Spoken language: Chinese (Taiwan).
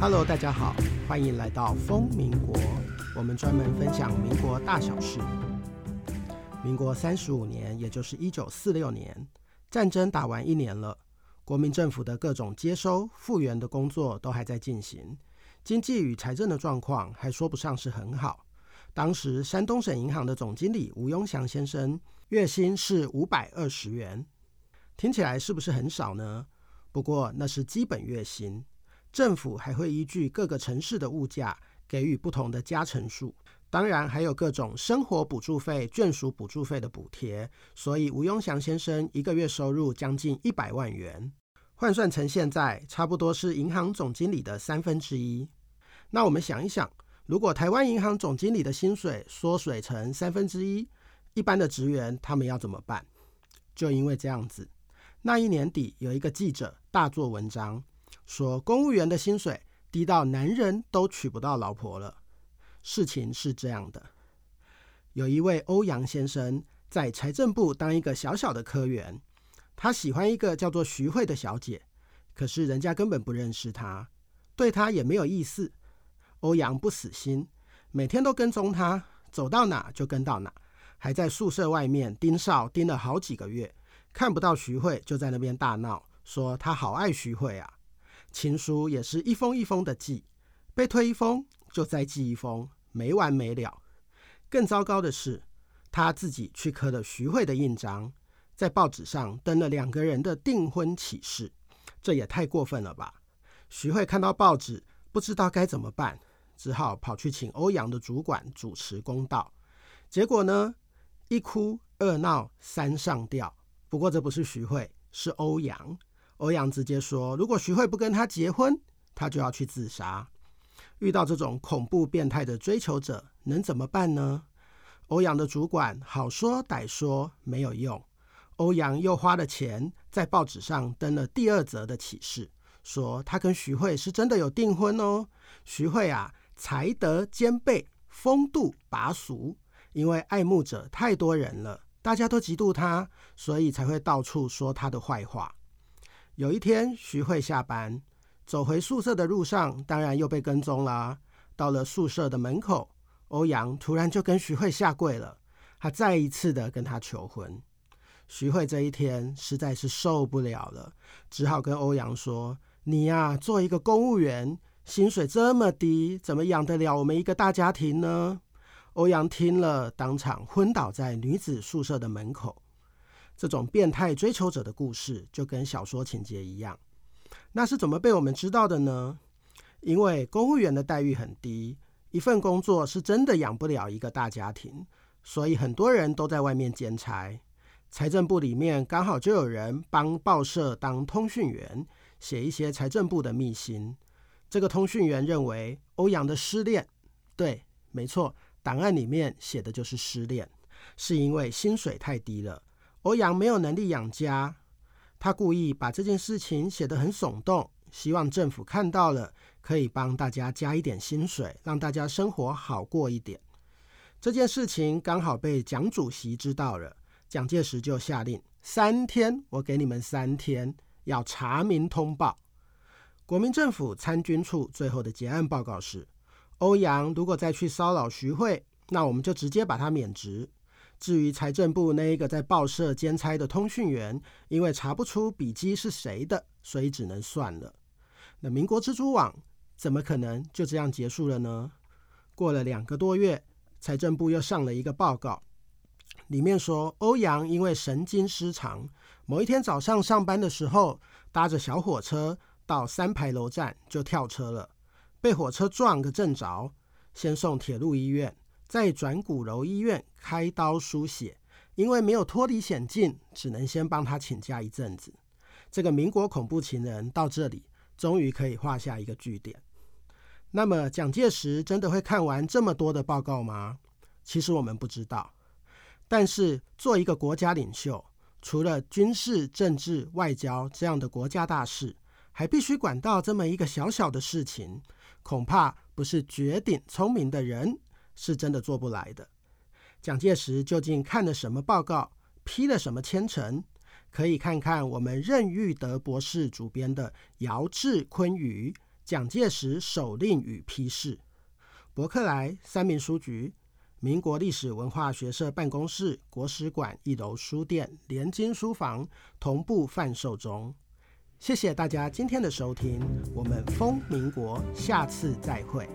Hello，大家好，歡迎來到瘋民國。我們專門分享民國大小事。民國三十五年，也就是一九四六年，戰爭打完一年了，國民政府的各種接收、復原的工作都還在進行，經濟與財政的狀況還說不上是很好。當時山東省銀行的總經理吳庸祥先生，月薪是五百二十元，聽起來是不是很少呢？不過那是基本月薪。政府還會依據各個城市的物價給予不同的加成數，當然還有各種生活補助費、眷屬補助費的補貼。所以吳庸祥先生一個月收入將近一百萬元，換算成現在，差不多是銀行總經理的三分之一。那我們想一想，如果台灣銀行總經理的薪水縮水成三分之一，一般的職員他們要怎麼辦？就因為這樣子，那一年底有一個記者大做文章。說公務員的薪水低到男人都娶不到老婆了。事情是這樣的，有一位歐陽先生在財政部當一個小小的科員，他喜歡一個叫做徐慧的小姐，可是人家根本不認識他，對他也沒有意思。歐陽不死心，每天都跟蹤他，走到哪就跟到哪，還在宿舍外面盯梢盯了好幾個月，看不到徐慧就在那邊大鬧，說他好愛徐慧啊。情書也是一封一封的寄，被退一封就再寄一封，沒完沒了。更糟糕的是，他自己去刻了徐慧的印章，在報紙上登了兩個人的訂婚啟事，這也太過分了吧？徐慧看到報紙，不知道該怎麼辦，只好跑去請歐陽的主管主持公道。結果呢，一哭二鬧三上吊。不過這不是徐慧，是歐陽。歐陽直接說：“如果徐慧不跟他結婚，他就要去自殺。”遇到這種恐怖變態的追求者，能怎麼辦呢？歐陽的主管好說歹說沒有用，歐陽又花了錢在報紙上登了第二則的啟事，說他跟徐慧是真的有訂婚哦。徐慧啊，才德兼備，風度拔俗。因為愛慕者太多人了，大家都嫉妒他，所以才會到處說他的壞話。有一天，徐慧下班走回宿舍的路上，當然又被跟蹤了啊。到了宿舍的門口，歐陽突然就跟徐慧下跪了，他再一次的跟她求婚。徐慧這一天實在是受不了了，只好跟歐陽說：“你呀，做一個公務員，薪水這麼低，怎麼養得了我們一個大家庭呢？”歐陽聽了，當場昏倒在女子宿舍的門口。這種變態追求者的故事就跟小說情節一樣，那是怎麼被我們知道的呢？因為公務員的待遇很低，一份工作是真的養不了一個大家庭，所以很多人都在外面兼差。財政部裡面剛好就有人幫報社當通訊員，寫一些財政部的秘辛。這個通訊員認為歐陽的失戀，對，沒錯，檔案裡面寫的就是失戀，是因為薪水太低了。歐陽沒有能力養家，他故意把這件事情寫得很聳動，希望政府看到了可以幫大家加一點薪水，讓大家生活好過一點。這件事情剛好被蔣主席知道了，蔣介石就下令：三天，我給你們三天，要查明通報。國民政府參軍處最後的結案報告是：歐陽如果再去騷擾徐慧，那我們就直接把他免職。至於財政部那一個在報社兼差的通訊員，因為查不出筆跡是誰的，所以只能算了。那民國蜘蛛網怎麼可能就這樣結束了呢？過了兩個多月，財政部又上了一個報告，裡面說歐陽因為神經失常，某一天早上上班的時候，搭着小火車到三牌樓站就跳車了，被火車撞個正着，先送鐵路醫院。在轉鼓樓醫院開刀輸血，因為沒有脫離險境，只能先幫他請假一陣子。這個民國恐怖情人到這裡，終於可以畫下一個句點。那麼，蔣介石真的會看完這麼多的報告嗎？其實我們不知道。但是，做一個國家領袖，除了軍事、政治、外交這樣的國家大事，還必須管到這麼一個小小的事情，恐怕不是絕頂聰明的人。是真的做不來的。蔣介石究竟看了什麼報告，批了什麼簽呈？可以看看我們任育德博士主編的遙制坤輿《遙制坤輿：蔣介石手令與批示》，博客來三民書局、民國歷史文化學社辦公室、國史館一樓書店、聯經書房同步販售中。謝謝大家今天的收聽，我們瘋民國，下次再會。